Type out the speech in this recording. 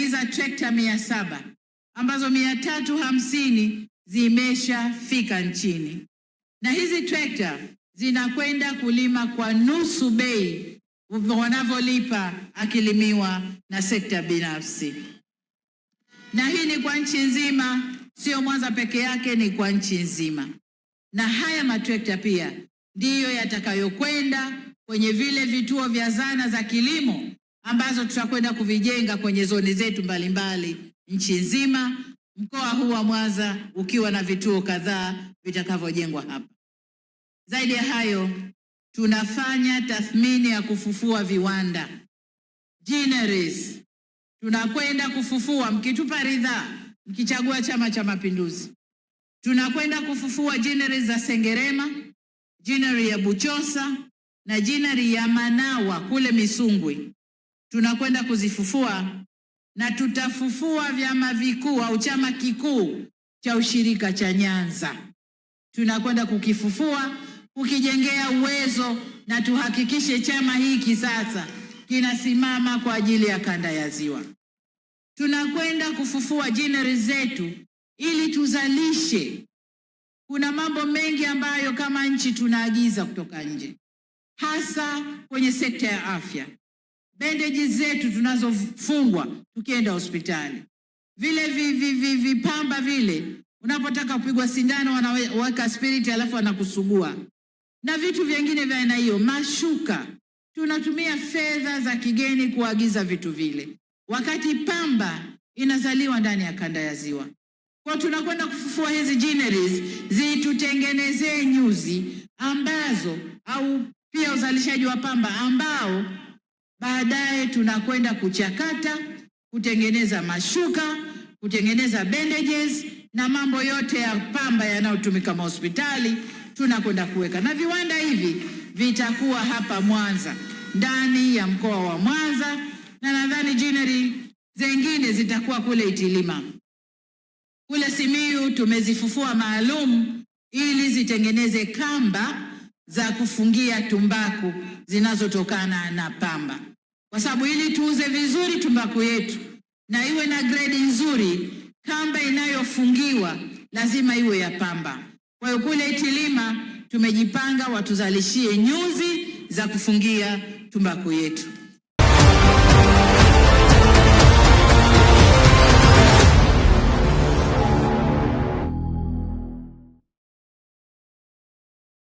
tumeagiza trekta mia saba ambazo mia tatu hamsini zimeshafika nchini, na hizi trekta zinakwenda kulima kwa nusu bei wanavyolipa akilimiwa na sekta binafsi. Na hii ni kwa nchi nzima, sio Mwanza peke yake, ni kwa nchi nzima. Na haya matrekta pia ndiyo yatakayokwenda kwenye vile vituo vya zana za kilimo ambazo tutakwenda kuvijenga kwenye zoni zetu mbalimbali nchi nzima, mkoa huu wa Mwanza ukiwa na vituo kadhaa vitakavyojengwa hapa. Zaidi ya hayo, tunafanya tathmini ya kufufua viwanda Gineris. Tunakwenda kufufua, mkitupa ridhaa, mkichagua Chama cha Mapinduzi, tunakwenda kufufua Gineris za Sengerema, Gineris ya Buchosa na Gineris ya Manawa kule Misungwi tunakwenda kuzifufua na tutafufua vyama vikuu au chama kikuu cha ushirika cha Nyanza. Tunakwenda kukifufua, kukijengea uwezo na tuhakikishe chama hiki sasa kinasimama kwa ajili ya kanda ya Ziwa. Tunakwenda kufufua jineri zetu ili tuzalishe. Kuna mambo mengi ambayo kama nchi tunaagiza kutoka nje, hasa kwenye sekta ya afya bendeji zetu tunazofungwa tukienda hospitali, vile vipamba vi, vi, vile unapotaka kupigwa sindano wanaweka spiriti alafu wanakusugua na vitu vingine vya aina hiyo, mashuka. Tunatumia fedha za kigeni kuagiza vitu vile, wakati pamba inazaliwa ndani ya kanda ya Ziwa. Kwa tunakwenda kufufua hizi gineries zitutengenezee nyuzi ambazo, au pia uzalishaji wa pamba ambao baadaye tunakwenda kuchakata, kutengeneza mashuka, kutengeneza bandages na mambo yote ya pamba yanayotumika mahospitali tunakwenda kuweka, na viwanda hivi vitakuwa hapa Mwanza, ndani ya mkoa wa Mwanza, na nadhani jineri zengine zitakuwa kule Itilima. Kule Simiyu tumezifufua maalum ili zitengeneze kamba za kufungia tumbaku zinazotokana na pamba, kwa sababu ili tuuze vizuri tumbaku yetu na iwe na gredi nzuri, kamba inayofungiwa lazima iwe ya pamba. Kwa hiyo kule Itilima tumejipanga watuzalishie nyuzi za kufungia tumbaku yetu.